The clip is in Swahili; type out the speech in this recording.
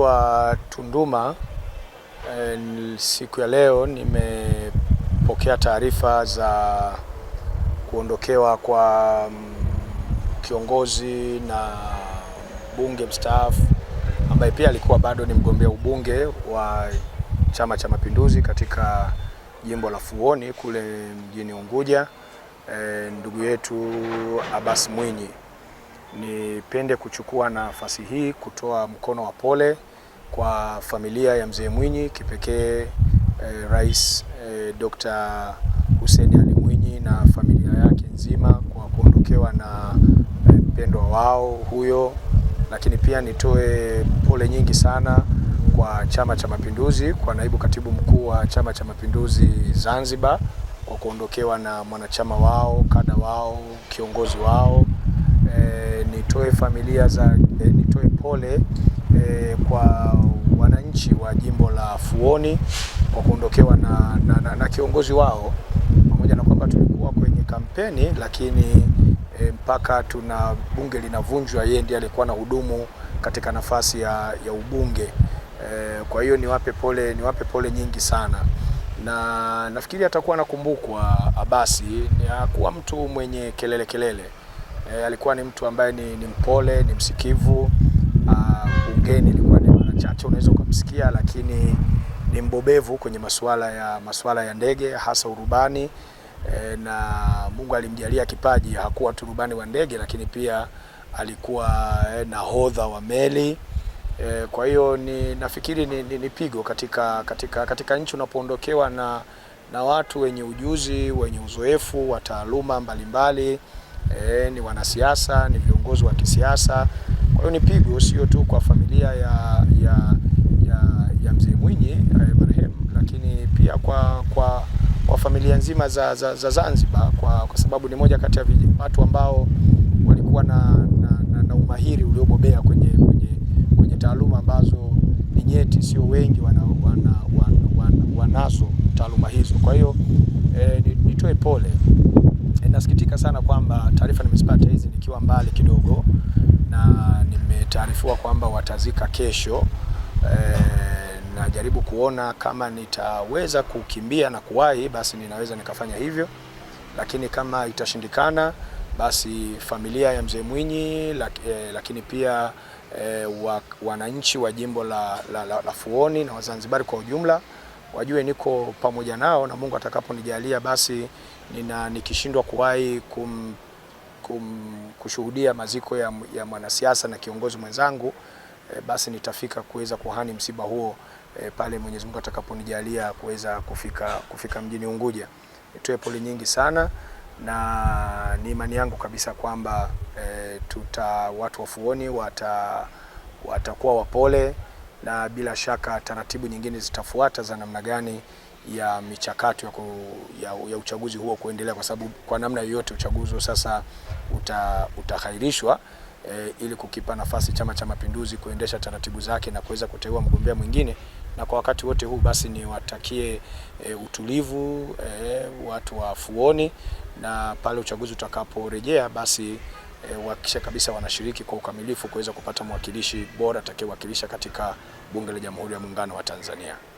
wa Tunduma e, siku ya leo nimepokea taarifa za kuondokewa kwa mm, kiongozi na mbunge mstaafu ambaye pia alikuwa bado ni mgombea ubunge wa Chama cha Mapinduzi katika jimbo la Fuoni kule mjini Unguja e, ndugu yetu Abbas Mwinyi. Nipende kuchukua nafasi hii kutoa mkono wa pole kwa familia ya mzee Mwinyi kipekee eh, Rais eh, Dr. Hussein Ali Mwinyi na familia yake nzima kwa kuondokewa na eh, mpendwa eh, wao huyo, lakini pia nitoe pole nyingi sana kwa Chama cha Mapinduzi, kwa naibu katibu mkuu wa Chama cha Mapinduzi Zanzibar kwa kuondokewa na mwanachama wao, kada wao, kiongozi wao. Eh, nitoe familia za eh, nitoe pole e, kwa wananchi wa jimbo la Fuoni kwa kuondokewa na, na, na, na kiongozi wao, pamoja na kwamba tulikuwa kwenye kampeni lakini e, mpaka tuna bunge linavunjwa, yeye ndiye alikuwa na hudumu katika nafasi ya, ya ubunge e, kwa hiyo niwape pole, niwape pole nyingi sana na nafikiri atakuwa nakumbukwa. Abasi hakuwa mtu mwenye kelele kelele, e, alikuwa ni mtu ambaye ni, ni mpole, ni msikivu. Ah, bungeni, ilikuwa ni mara chache unaweza ukamsikia, lakini ni mbobevu kwenye masuala ya masuala ya ndege hasa urubani e, na Mungu alimjalia kipaji, hakuwa tu rubani wa ndege, lakini pia alikuwa e, nahodha wa meli e, kwa hiyo ni nafikiri ni, ni, ni pigo katika, katika, katika nchi unapoondokewa na, na watu wenye ujuzi wenye uzoefu wa taaluma mbalimbali e, ni wanasiasa, ni viongozi wa kisiasa. Kwa hiyo ni pigo sio tu kwa familia ya, ya, ya, ya mzee Mwinyi eh, marehemu, lakini pia kwa, kwa, kwa familia nzima za, za, za Zanzibar kwa, kwa sababu ni moja kati ya watu ambao walikuwa na, na, na, na umahiri uliobobea kwenye, kwenye, kwenye taaluma ambazo ni nyeti, sio wengi wanazo wana, wana, wana, wana taaluma hizo. Kwa hiyo eh, nitoe pole. Nasikitika sana kwamba taarifa nimezipata hizi nikiwa mbali kidogo na nimetaarifiwa kwamba watazika kesho e, najaribu kuona kama nitaweza kukimbia na kuwahi, basi ninaweza nikafanya hivyo, lakini kama itashindikana, basi familia ya mzee Mwinyi lak, e, lakini pia e, wa, wananchi wa jimbo la, la, la, la Fuoni na Wazanzibari kwa ujumla wajue niko pamoja nao, na Mungu atakaponijalia basi nina nikishindwa kuwahi kum kum, kushuhudia maziko ya, ya mwanasiasa na kiongozi mwenzangu e, basi nitafika kuweza kuhani msiba huo e, pale Mwenyezi Mungu atakaponijalia kuweza kufika, kufika mjini Unguja. Nitoe pole nyingi sana na ni imani yangu kabisa kwamba e, tuta watu wafuoni wata watakuwa wapole na bila shaka taratibu nyingine zitafuata za namna gani ya michakato ya, ya, ya uchaguzi huo kuendelea, kwa sababu kwa namna yoyote uchaguzi sasa uta, utahairishwa e, ili kukipa nafasi Chama cha Mapinduzi kuendesha taratibu zake na kuweza kuteua mgombea mwingine. Na kwa wakati wote huu basi niwatakie e, eh, utulivu e, watu wa Fuoni, na pale uchaguzi utakaporejea basi wahakikisha kabisa wanashiriki kwa ukamilifu kuweza kupata mwakilishi bora atakayewakilisha katika Bunge la Jamhuri ya Muungano wa Tanzania.